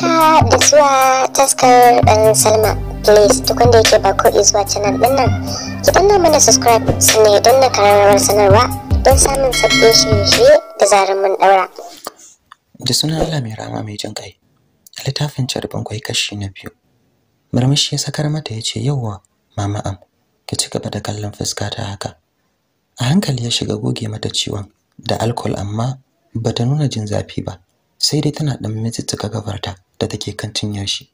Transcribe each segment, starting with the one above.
haka da zuwa taskar dan salma please duk wanda yake ba ko zuwa canal din nan ki danna mana subscribe sannan ya danna karamar sanarwa don samun sabbin shirye-shirye da zarar mun daura da sunan Allah mai rama mai jin kai littafin carbin kwai kashi na biyu murmushi ya sakar mata ya ce yauwa mama am Ka ci gaba da kallon fuska ta haka a hankali ya shiga goge mata ciwon da alkol amma ba ta nuna jin zafi ba sai dai tana dan ka gabarta da take kan cinyar shi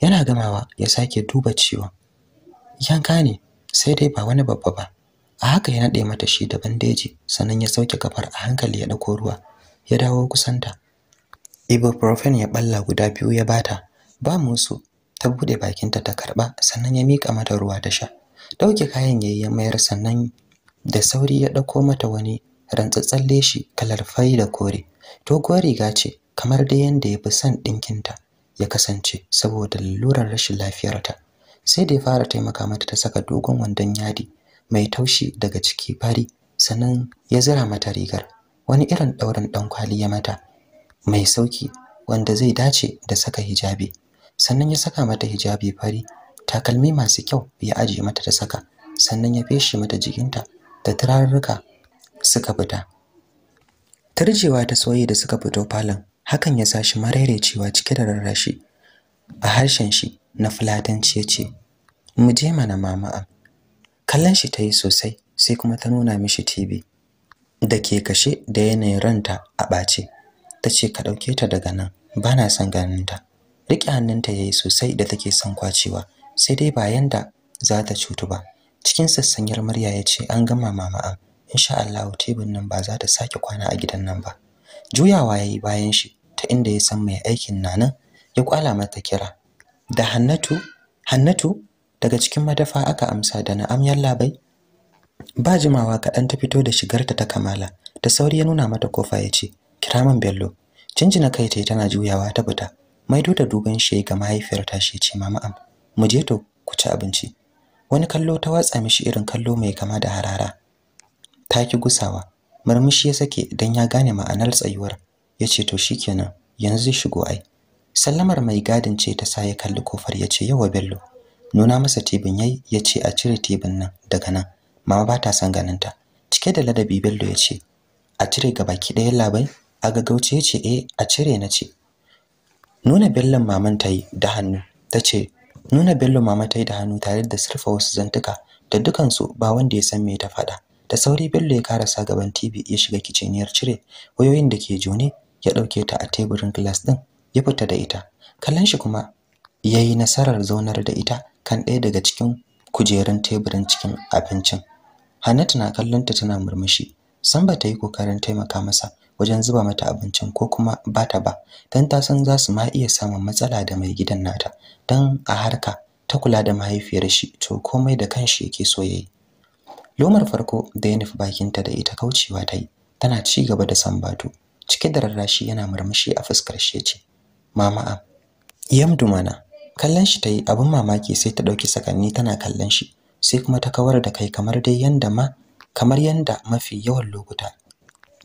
yana gamawa ya sake duba ciwon yanka ne sai dai ba wani babba ba a haka ya nade mata shi da bandeji sannan ya sauke kafar a hankali ya dauko ruwa ya dawo kusanta ibuprofen ya balla guda biyu ya bata ba musu ta bude bakinta ta karba sannan ya mika mata ruwa ta sha dauke kayan yayi ya mayar sannan da sauri ya dauko mata wani rantsatsalle shi kalar fari da kore doguwar riga ce kamar dai yanda ya fi son ɗinkinta ya kasance saboda lalurar rashin lafiyarta sai da ya fara taimaka mata ta saka dogon wandon yadi mai taushi daga ciki fari sannan ya zira mata rigar wani irin ɗaurin kwali ya mata mai sauki wanda zai dace da saka hijabi sannan ya saka mata hijabi fari takalmi masu kyau ya ajiye mata ta saka sannan ya feshi mata jikinta da turarruka suka fita turjewa ta soye da suka fito falon hakan ya sa shi mararecewa cike da rarrashi a harshen shi na fulatanci ya ce mu je mana mama kallon shi tayi sosai sai kuma ta nuna mishi TV da ke kashe da yanayin ranta a ɓace tace ka ɗauke ta daga nan ba na son ta. Rike hannunta ya yi sosai da take son kwacewa sai dai ba yanda za ta cutu ba cikin sassanyar murya ya ce an gama mama am insha Allah tebin nan ba za ta sake kwana a gidan nan ba juyawa yayi bayan shi ta inda ya san mai aikin nanan ya kwala mata kira da Hannatu Hannatu daga cikin madafa aka amsa da na'am yalla bai ba jimawa kaɗan ta fito da shigarta ta kamala da sauri ya nuna mata kofa ya ce kira min bello cinjina kai ta tana juyawa ta fita maido da duban shi ga mahaifiyar ta shi ce mama am mu je to ku ci abinci wani kallo ta watsa mishi irin kallo mai kama da harara ta ki gusawa Marmushi ya sake dan ya gane ma'anar tsayuwar yace to shikenan yanzu zai shigo ai sallamar mai gadin ce ta sa ya kalli kofar yace yawa bello nuna masa tibin yayi yace a cire tibin nan daga nan mama ba ta san ganin ta cike da ladabi bello yace a cire baki ɗaya labai a gaggauce yace eh a cire na ce nuna bellon maman tayi da hannu tace nuna bello mama tayi da hannu tare da surfa wasu zantuka da dukansu ba wanda ya san me ta faɗa da sauri Bello ya karasa gaban TV ya shiga kiciniyar cire wayoyin da ke jone ya dauke ta a teburin glass din ya fita da ita kallon shi kuma yayi nasarar zaunar da ita kan ɗaya daga cikin kujerun teburin cikin abincin Hannatu na kallon ta tana murmushi san ba ta yi kokarin taimaka masa wajen zuba mata abincin ko kuma bata ba dan ta san za su ma iya samun matsala da mai gidan nata dan a harka ta kula da mahaifiyar shi to komai da kanshi yake so yayi lomar farko da ya nufi bakinta da ita kaucewa ta yi tana ci gaba da sambatu, cike da rarrashi yana murmushi a fuskar shi ce mama am yamdu mana kallon shi ta yi abin mamaki sai ta ɗauki sakanni tana kallon shi sai kuma ta kawar da kai kamar dai yanda ma kamar yanda mafi yawan lokuta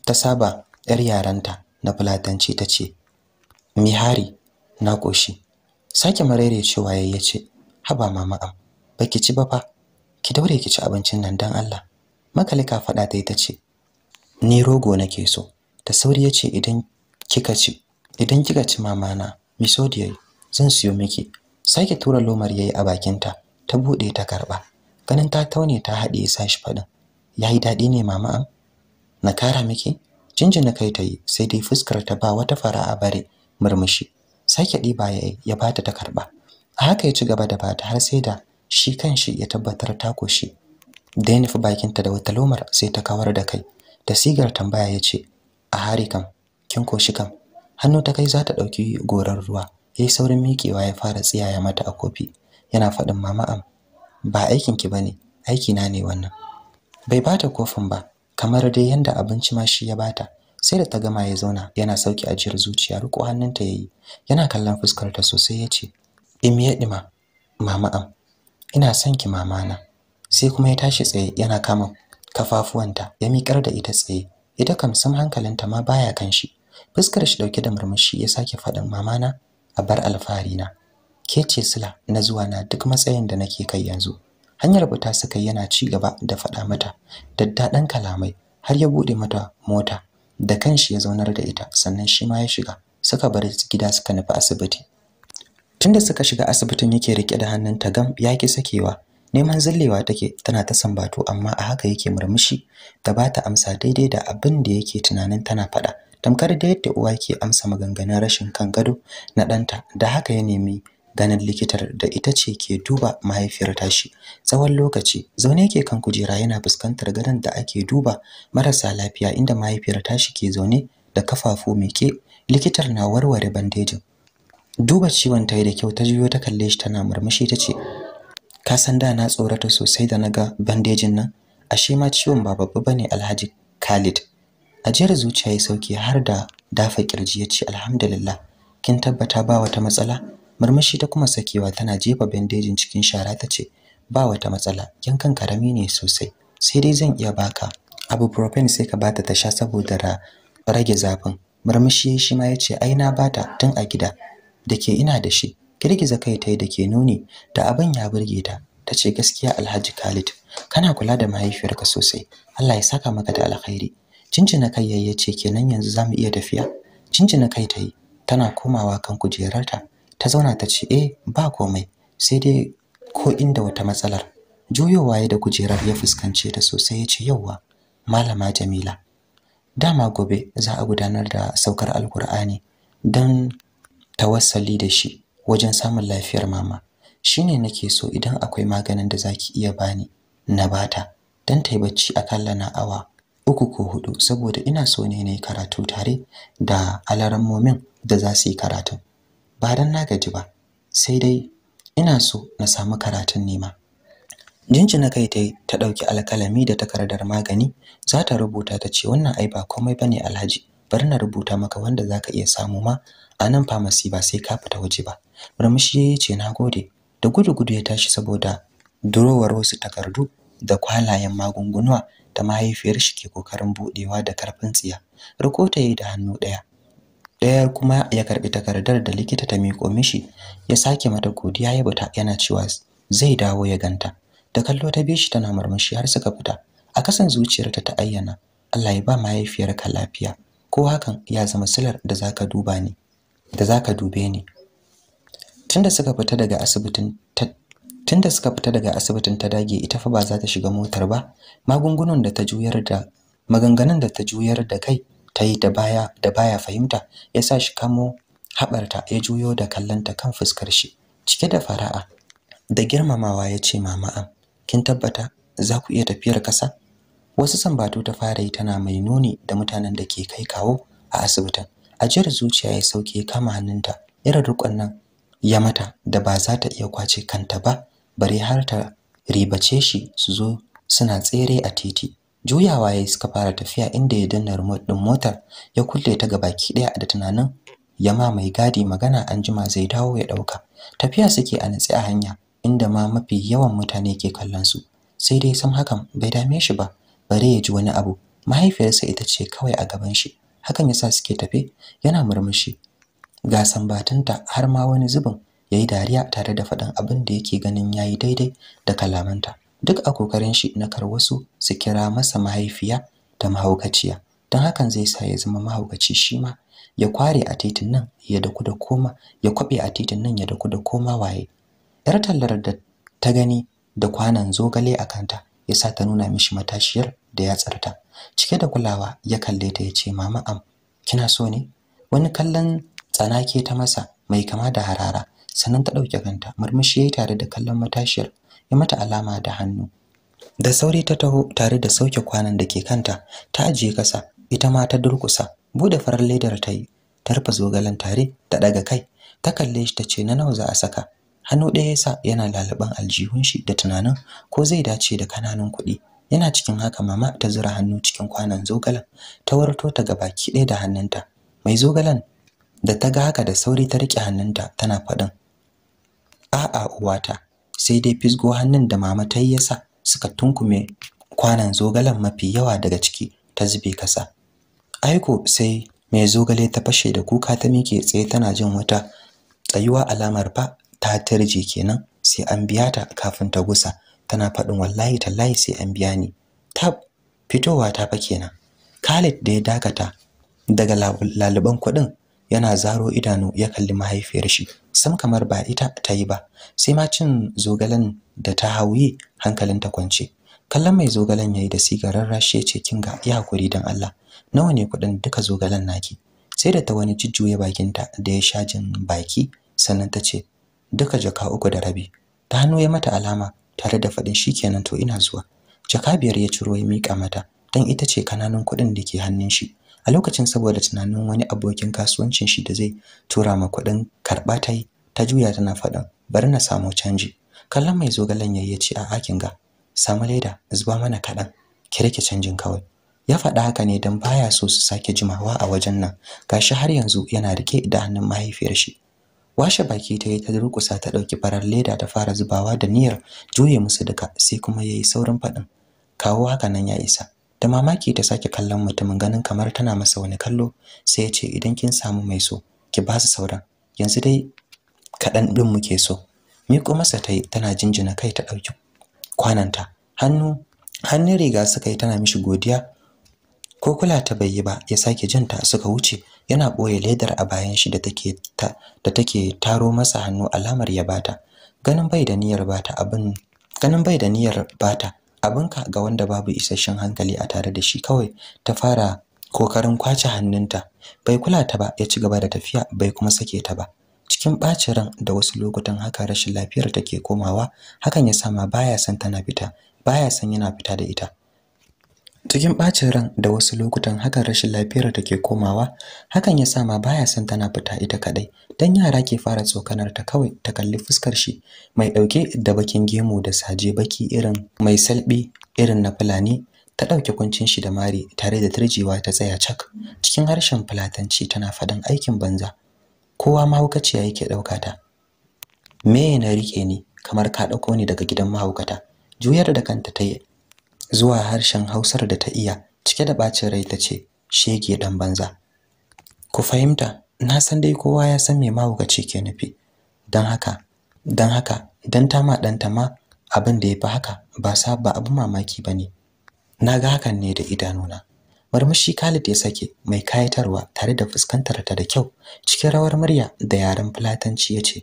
ta saba yar yaranta na fulatanci ta ce mihari na koshi sake marere cewa yayyace haba mama am baki ci ba fa ki daure ki ci abincin nan dan Allah makalika faɗa ta ita ce ni rogo nake so ta sauri yace idan kika ci idan kika ci mama na misodiyai zan siyo miki sake tura lomar yayi a bakinta ta buɗe ta karba ganin ta taune ta haɗe shi faɗin yayi daɗi ne mama am na kara miki jinjina kai ta yi sai dai fuskar ta ba wata fara a bare murmushi sake ɗiba ya ya bata ta karba a haka ya ci gaba da bata har sai da shi kanshi ya tabbatar ta koshi da ya nufi bakinta da wata lomar sai ta kawar da kai da sigar tambaya ya ce a hari kam kin koshi kam hannu ta kai za ta ɗauki goran ruwa ya yi saurin miƙewa ya fara tsiyaya mata a kofi yana faɗin mama am ba ki bane aiki na ne wannan bai bata kofin ba kamar dai yanda abinci ma shi ya bata sai da ta gama ya zauna yana sauki ajiyar zuciya riko hannunta yayi yana kallon fuskarta ta sosai yace imiye dima mama am ina son ki mama na sai kuma ya tashi tsaye yana kama kafafuwanta ya miƙar da ita tsaye ita kam sam hankalinta ma baya kan shi fuskar shi dauke da murmushi ya sake faɗin mama na a bar alfahari na ke ce sila na zuwa na duk matsayin da nake kai yanzu hanyar bata suka yana ci gaba da faɗa mata daddaɗan kalamai har ya buɗe mata mota da kanshi ya zaunar da ita sannan shi ma ya shiga suka bar gida suka nufi asibiti tunda suka shiga asibitin yake rike da hannunta gam yaki sakewa neman zillewa take tana ta sambato amma a haka yake murmushi ta bata amsa daidai da abin da yake tunanin tana faɗa tamkar da yadda uwa ke amsa maganganun rashin kan gado na danta. da haka ya nemi ganin likitar da ita ce ke duba mahaifiyar tashi tsawon lokaci zaune yake kan kujera yana fuskantar gadon da ake duba marasa lafiya inda mahaifiyar tashi ke zaune da kafafu mai ke. likitar na warware bandejin duba ciwon ta da kyau ta juyo ta kalle shi tana murmushi ta ce ka san da na tsorata sosai da naga bandejin nan ashe ma ciwon ba babba bane Alhaji Khalid ajiyar zuciya ya sauke har da dafa kirji ya ce alhamdulillah kin tabbata ba wata matsala murmushi ta kuma sakewa tana jefa bandejin cikin shara ta ce ba wata matsala kan karami ne sosai sai dai zan iya baka Abu-propen sai ka bata ta sha saboda rage zafin murmushi shi ma ya ce ai na bata tun a gida da ke ina da shi girgiza kai ta yi da ke nuni da abin ya burge ta ta ce gaskiya alhaji khalid kana kula da mahaifiyarka sosai allah ya saka maka da alkhairi cincina kai yayi ya ce kenan yanzu za mu iya tafiya cincina kai ta yi tana komawa kan kujerarta ta zauna ta ce eh ba komai sai dai ko inda wata matsalar juyowa ya da kujerar ya fuskance ta sosai ya ce yauwa malama jamila dama gobe za a gudanar da saukar alkur'ani don tawassali da shi wajen samun lafiyar mama shine nake so idan akwai maganin da zaki iya bani na bata dan tayi bacci akalla na awa uku ko hudu saboda ina so ne nayi karatu tare da momin da za su yi karatu ba dan na gaji ba sai dai ina so na samu karatun nema jinjina kai ta ta dauki alkalami da takardar magani za ta rubuta ta ce wannan ai ba komai bane alhaji bari na rubuta maka wanda zaka iya samu ma a nan pharmacy ba sai ka fita waje ba murmushi yayi ce nagode da gudu-gudu ya tashi saboda durowar wasu takardu da kwalayen magungunuwa da mahaifiyar shi ke kokarin budewa da karfin tsiya rikota yayi da hannu ɗaya-ɗaya kuma ya karbi takardar da likita ta miƙo mishi ya sake mata godiya ya bata yana cewa zai dawo ya ganta da kallo ta bishi tana murmushi har suka fita a kasan zuciyarta ta ayyana Allah ya ba mahaifiyarka lafiya ko hakan ya zama silar da zaka duba ni da zaka dube ni tunda suka fita daga asibitin ta dage ita fa ba za ta shiga motar ba magungunan da ta juyar da maganganun da ta juyar da kai ta yi da baya fahimta ya sa shi kamo haɓarta ya juyo da kallonta kan fuskar shi cike da fara'a da girmamawa ya ce mama'an kin tabbata za ku iya tafiyar kasa wasu sambatu ta fara yi tana mai nuni da mutanen da ke kai kawo a asibitin ajiyar zuciya ya sauke kama hannunta irin rukon nan ya mata da ba za ta iya kwace kanta ba bare har ta ribace shi su zo suna tsere a titi juyawa ya suka fara tafiya inda ya danna remote din motar ya kulle ta ki daya da tunanin ya ma mai gadi magana an jima zai dawo ya dauka tafiya suke a natsi a hanya inda ma mafi yawan mutane ke kallon su sai dai sam hakan bai dame shi ba bare ya ji wani abu mahaifiyarsa ita ce kawai a gaban shi hakan yasa suke tafe yana murmushi ga sambatunta har ma wani zubin ya yi dariya tare da faɗin abin da yake ganin ya yi daidai da kalamanta duk a kokarin shi na kar wasu su kira masa mahaifiya da mahaukaciya don hakan zai sa ya zama mahaukaci shi ma ya kware a titin nan ya daku da koma ya kwabe a titin nan ya daku da koma waye yar tallar da ta gani da kwanan zogale a kanta ya sa ta nuna mishi matashiyar da yatsarta cike da kulawa ya kalle ta ya ce mama am kina so ne wani kallon tsanake ta masa mai kama da harara sannan ta ɗauke kanta murmushi yayi tare da kallon matashiyar ya mata alama da hannu da sauri ta taho tare da sauke kwanan da ke kanta ta ajiye kasa ita ma ta durkusa bude farar ledar ta yi ta rufe zogalen tare ta ɗaga kai ta kalle shi ta ce na nawa za a saka hannu ɗaya yasa yana lalaban aljihun shi da tunanin ko zai dace da kananan kuɗi yana cikin haka mama ta zura hannu cikin kwanan zogalen ta warto ta ga baki ɗaya da hannunta mai zogalen da ta ga haka da sauri ta riƙe hannunta tana faɗin a'a uwata sai dai fisgo hannun da mama ta yi yasa suka tunkume kwanan zogalen mafi yawa daga ciki ta zube kasa aiko sai mai zogale ta fashe da kuka ta miƙe tsaye tana jin wata tsayuwa alamar ba, ta tarje kenan sai an biya ta kafin ta gusa tana faɗin wallahi tallahi sai an biya ni tab fitowa ta fa kenan Khalid da ya dakata daga laluban kuɗin yana zaro idanu ya kalli mahaifiyar shi sam kamar ba ita ta yi ba sai ma cin zogalen da ta hankalin ta kwance kallon mai zogalen yayi da sigarar rashi ya ce ga ya hakuri dan Allah nawa ne kuɗin duka zogalen naki sai da ta wani bakin bakinta da ya sha jin baki sannan ta ce duka jaka uku da rabi ta hannu ya mata alama tare da faɗin shi kenan to ina zuwa Jakabiyar ya ciro ya mika mata dan ita ce kananan kuɗin da ke hannun shi a lokacin saboda tunanin wani abokin kasuwancin shi da zai tura ma kuɗin karɓa ta yi ta juya tana faɗin bari na samu canji kallon mai zogalen yayyaci ce a akin ga samu leda zuba mana kaɗan ki rike canjin kawai ya faɗa haka ne don baya so su sake jimawa a wajen nan gashi har yanzu yana rike da hannun mahaifiyar shi washe baki ta yi ta durƙusa ta ɗauki farar leda ta fara zubawa da niyyar juye musu duka sai kuma ya yi saurin faɗin kawo haka nan ya isa da mamaki ta sake kallon mutumin ganin kamar tana masa wani kallo sai ya ce idan kin samu mai so ki ba su sauran yanzu dai kaɗan ɗin muke so miƙo masa ta yi tana jinjina kai ta ɗauki kwananta hannu hannun riga suka yi tana mishi godiya ko kula ta bai yi ba ya sake jinta suka wuce yana ɓoye ledar a bayan shi da take da take taro masa hannu alamar ya bata ganin bai da niyyar bata abin ganin bai da niyyar bata abinka ga wanda babu isasshen hankali a tare da shi kawai ta fara kokarin kwace hannunta bai kula ta ba ya ci gaba da tafiya bai kuma sake ta ba cikin ɓacin ran da wasu lokutan haka rashin lafiyar take komawa hakan ya sama baya san tana fita baya san yana fita da ita cikin ɓacin ran da wasu lokutan hakan rashin lafiyar da ke komawa hakan ya sa ma baya son tana fita ita kaɗai don yara ke fara tsokanar ta kawai ta kalli fuskar shi mai ɗauke da bakin gemu da saje baki irin mai salɓi irin na fulani ta ɗauke kuncin shi da mari tare da turjewa ta tsaya cak cikin harshen fulatanci tana faɗin aikin banza kowa mahaukaciya yake ɗauka ta me na riƙe ni kamar ka ɗauko ni daga gidan mahaukata juyar da kanta ta yi zuwa harshen Hausar da ta iya cike da bacin rai ta ce shege dan banza ku fahimta na san dai kowa ya san me mahaukaci ke nufi dan haka dan haka dan tama dan tama abin da yafi haka ba sa ba abu mamaki ba ne. Na ga hakan ne da idanuna Marmashi Khalid ya sake mai kayatarwa tare da fuskantar ta da kyau cikin rawar murya da yaren fulatanci yace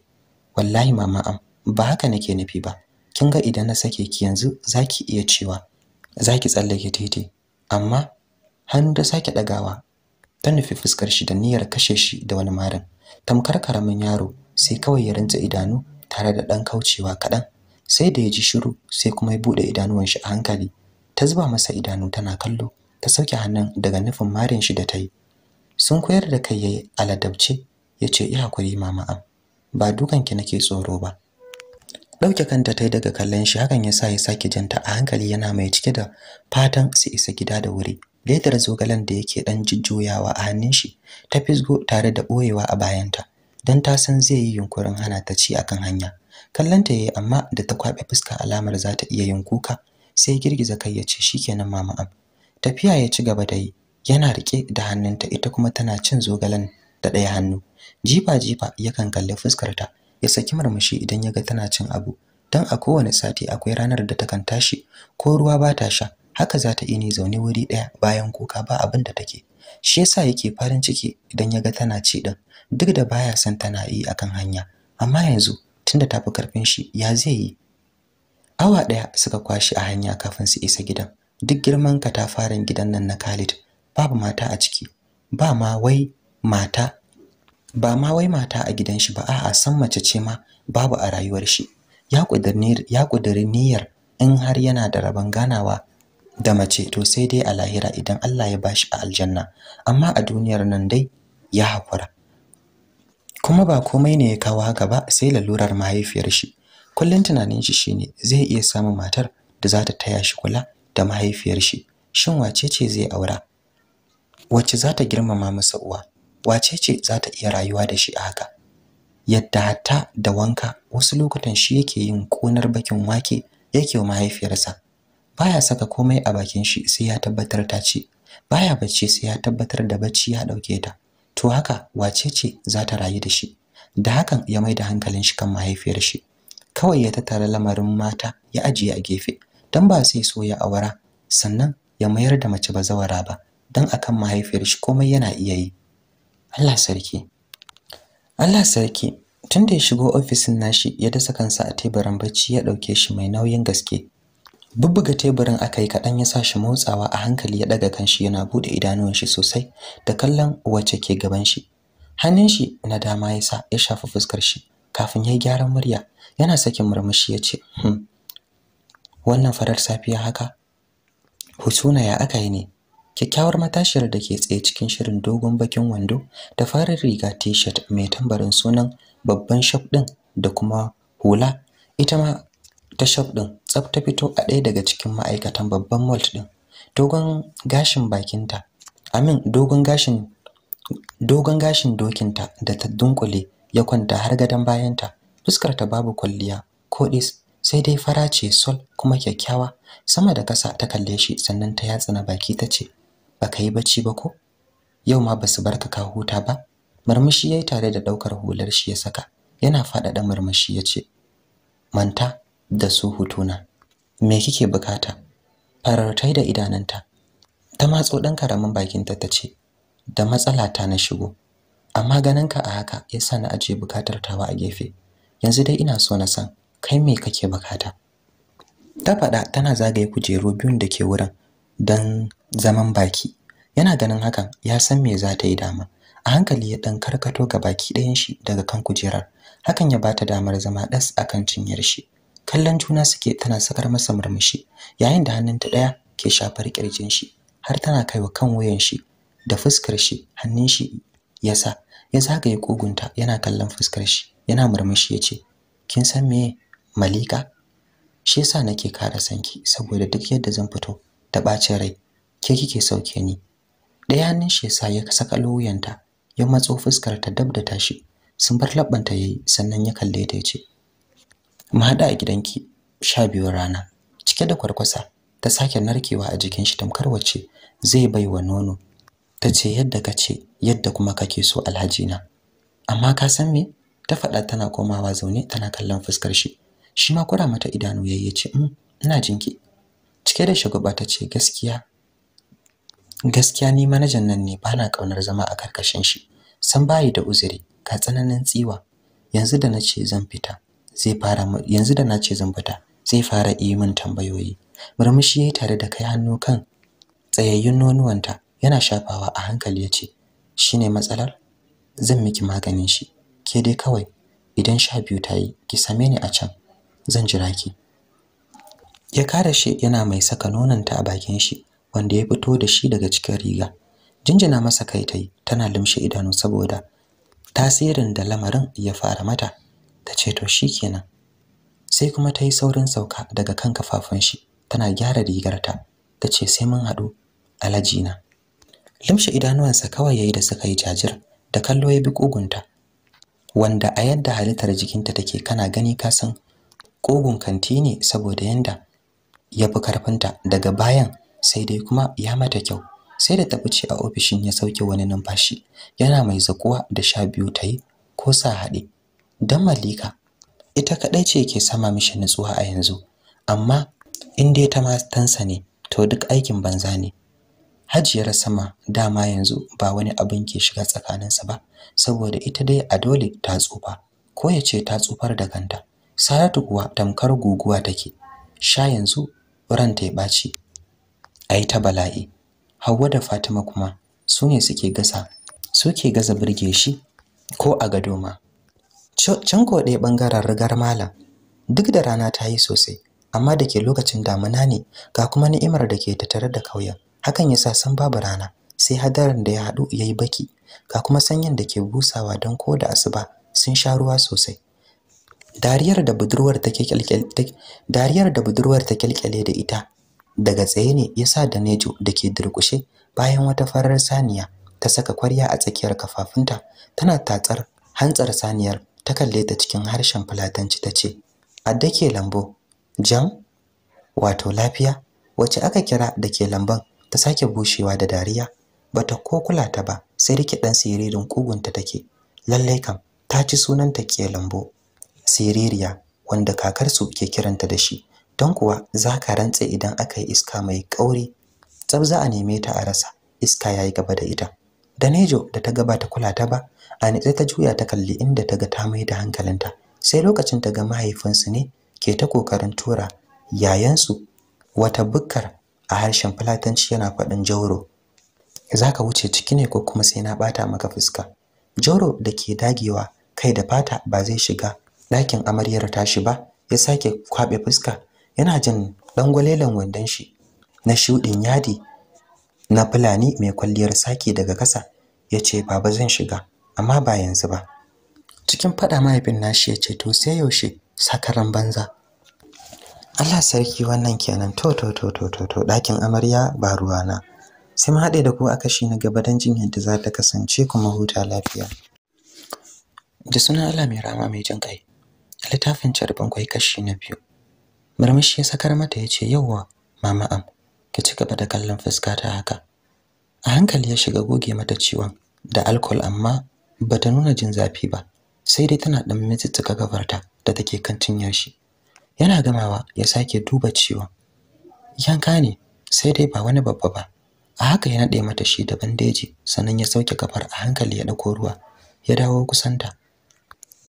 wallahi mama am ba haka nake nufi ba kin ga idan na sake ki yanzu zaki iya cewa ki tsallake titi amma hannu ta sake ɗagawa. ta nufi fuskar shi da niyyar kashe shi da wani marin tamkar karamin yaro sai kawai ya rantsa idanu tare da ɗan kaucewa kaɗan. sai da ya ji shiru sai kuma ya bude idanuwan shi a hankali ta zuba masa idanu tana kallo ta sauke hannun daga nufin marin shi da ta yi sun koyar da kai yayi aladabce yace yi hakuri mama am ba dukanki nake tsoro ba Dauke kanta ta yi daga kallon shi hakan ya sa ya saki janta a hankali yana mai cike da fatan su isa gida da wuri. Ledar zogalen da yake ɗan jujjuyawa a hannun shi ta fisgo tare da ɓoyewa a bayanta don ta san zai yi yunkurin hana ta ci akan hanya. Kallonta ya yi amma da ta kwabe fuska alamar za ta iya yin kuka sai girgiza kai ya ce shikenan mama am. Tafiya ya ci gaba da yi yana riƙe da hannunta ita kuma tana cin zogalen da ɗaya hannu. Jifa-jifa yakan kalli ta. ya saki marmashi idan ya ga tana cin abu don a kowane sati akwai ranar da takan tashi ko ruwa ba ta sha haka za ta yi ini zaune wuri ɗaya bayan kuka ba abin da take shi yasa yake farin ciki idan ya ga tana ci din duk da baya son tana yi akan hanya amma yanzu tunda ta fi karfin shi ya zai yi awa ɗaya suka kwashi a hanya kafin su isa gidan duk girman katafaren gidan nan na Khalid babu mata a ciki ba ma wai mata ba ma wai mata a gidan shi ba a'a san mace ce ma babu a rayuwar shi ya kudirni ya kudiri niyyar in har yana da rabon ganawa da mace to sai dai a lahira idan Allah ya bashi a aljanna amma a duniyar nan dai ya hakura kuma ba komai ne ya kawo haka ba sai lalurar mahaifiyar shi kullun tunanin shi shine zai iya samun matar da za ta taya shi kula da mahaifiyar shi shin wace ce zai aura wacce za ta girmama masa uwa wace ce za ta iya rayuwa da shi a haka yadda hatta da wanka wasu lokutan shi yake yin konar bakin wake yake wa mahaifiyarsa baya saka komai a bakin shi sai ya tabbatar ta ce baya bacci sai ya tabbatar da bacci ya dauke ta to haka wace ce za ta rayu da shi da hakan ya mai da hankalin shi kan mahaifiyar shi kawai ya tattara lamarin mata ya ajiye a gefe dan ba sai so ya awara sannan ya mayar da mace bazawara ba dan akan mahaifiyar shi komai yana iya yi Allah sarki Allah sarki tunda ya shigo ofisin nashi ya dasa kansa a teburin bacci ya dauke shi mai nauyin gaske bubbuga teburin akai kadan ya sa shi motsawa a hankali ya daga kanshi yana bude idanuwan shi sosai da kallon wacce ke gaban shi hannun shi na dama ya sa ya shafa fuskar shi kafin ya gyaran murya yana sakin murmushi ya ce hmm, wannan farar safiya haka Hutuna, ya aka yi ne kyakkyawar matashiyar da ke tsaye cikin shirin dogon bakin wando ta fara riga t-shirt mai tambarin sunan babban shop din da kuma hula ita ma ta shop din tsaf fito a ɗaya daga cikin ma'aikatan babban mall din dogon gashin bakinta amin dogon gashin dogon gashin dokinta da ta dunkule ya kwanta har gadon bayanta fuskar ta babu kwalliya ko dis sai dai fara ce sol kuma kyakkyawa sama da ƙasa ta kalle shi sannan ta yatsa na baki ta ce baka yi bacci ba ko yau ma basu barka ka huta ba murmushi yayi tare da daukar hular shi ya saka yana faɗaɗa murmushi yace manta da su hutuna me kike bukata farartai da idananta ta matso dan karamin bakinta tace da matsala ta na shigo amma ganinka a haka yasa na aje bukatar tawa a gefe yanzu dai ina so na san kai me kake bukata ta faɗa tana zagaye kujeru biyun da ke wurin don zaman baki yana ganin hakan ya san me za ta yi dama a hankali ya dan karkato ga baki ɗayan shi daga kan kujerar hakan ya bata damar zama ɗas akan cinyar shi kallon juna suke tana sakar masa murmushi yayin da hannun ta ɗaya ke shafar kirjin shi har tana kaiwa kan wuyan shi da fuskar shi hannun shi yasa ya zagaye kugunta yana kallon fuskar shi yana murmushi ya ce, kin san me malika shi yasa nake kara sanki saboda duk yadda zan fito da bacin rai ke kike sauke ni ɗaya hannun shi yasa ya saka wuyanta ya matso fuskar ta dab da tashi sun bar labbanta yayi sannan ya kalle ta yace mu hada a gidanki sha biyu rana cike da kwarkwasa ta sake narkewa a jikin shi tamkar wacce zai wa nono tace yadda ka ce yadda kuma kake so alhaji na amma ka san me ta faɗa tana komawa zaune tana kallon fuskar shi shi ma kura mata idanu yayi yace mm, ina jinki cike da shagwaba tace gaskiya gaskiya ni manajan nan ne bana kaunar zama a karkashin shi san bayi da uzuri ka tsananin tsiwa yanzu da nace zan fita zai fara yanzu da nace zan fita zai fara yi min tambayoyi murmushi yayi tare da kai hannu kan tsayayyun nonuwanta yana shafawa a hankali yace shine matsalar zan miki maganin shi ke dai kawai idan sha biyu ta yi ki same ni a can zan jira ki ya kare shi yana mai saka nonanta a bakin shi wanda ya fito da shi daga cikin riga jinjina masa kai tai tana limshe idanu saboda tasirin da lamarin ya fara mata ta ce to shikenan sai kuma ta yi saurin sauka daga kan kafafun shi tana gyara rigarta ta ce sai mun haɗu alajina limshe idanuwansa kawai yayi da suka yi jajir da kallo ya bi kugunta wanda a yadda halittar jikinta take kana gani ka san ƙugun kanti ne saboda yanda ya fi karfinta daga bayan sai dai kuma ya mata kyau sai da ta fice a ofishin ya sauke wani numfashi yana mai zakuwa da sha biyu ta ko sa haɗe don malika ita kadai ce ke sama mishi nutsuwa a yanzu amma in dai ta matansa ne to duk aikin banza ne hajiyar sama dama yanzu ba wani abin ke shiga tsakaninsa ba saboda ita dai a dole ta tsufa ko ya ce ta tsufar da kanta saratu kuwa tamkar guguwa take sha yanzu ranta ya ɓaci a yi ta bala'i Hauwa da Fatima kuma su ne suke gasa suke gaza birge shi ko a gado ma can ko ɗaya ɓangaren rigar malam duk da rana ta yi sosai amma da ke lokacin damuna ne ga kuma ni'imar da ke tattare da ƙauyen, hakan yasa san babu rana sai hadarin da ya haɗu ya yi baki ga kuma sanyin da ke busawa don ko da asuba sun sha ruwa sosai dariyar da budurwar ta kyalkyale da ita daga tsaye ne ya sa Danejo da ke durƙushe bayan wata farar saniya ta saka kwarya a tsakiyar kafafunta tana tatsar hantsar saniyar ta kalle ta cikin harshen fulatanci ta ce adda ke lambo Jan? wato lafiya wacce aka kira da ke lamban ta sake bushewa da dariya bata ko kula ta ba sai rike dan siririn kugunta take Lallai kam ta ci sunanta ke lambo siririya wanda kakarsu ke kiranta da shi don kuwa za ka rantse idan aka yi iska mai kauri tsab za a neme ta a rasa iska ya yi gaba da ita danejo da ta gaba ta kula ta ba a nitse ta juya ta kalli inda ta ga ta mai da hankalinta sai lokacin ta ga mahaifinsu ne ke ta kokarin tura yayansu wata bukkar a harshen fulatanci yana faɗin jauro za ka wuce ciki ne ko kuma sai na ɓata maka fuska jauro da ke dagewa kai da fata ba zai shiga ɗakin amaryar tashi ba ya sake kwaɓe fuska yana jin dangwalelan wandon shi na shudin yadi na fulani mai kwalliyar saki daga kasa ya ce baba zan shiga amma ba yanzu ba cikin fada mahaifin nashi ya ce to sai yaushe sakaran banza Allah sarki wannan kenan to to to to to to dakin amarya ba ruwa na, sai ma haɗe da ku a kashi na gaba dan jin yadda za ta kasance kuma huta lafiya da suna Allah mai rama mai jin kai littafin carbin kwai kashi na biyu murmushi ya sakar mata ya ce yauwa mama am ki ci gaba da kallon fuska ta haka a hankali ya shiga goge mata ciwon da alcohol amma bata nuna jin zafi ba sai dai tana dan mitsitsika gabarta da take kan cinyar shi yana gamawa ya sake duba ciwon yanka ne sai dai ba wani babba ba a haka ya nade mata shi da bandeji sannan ya sauke kafar a hankali ya dauko ruwa ya dawo kusanta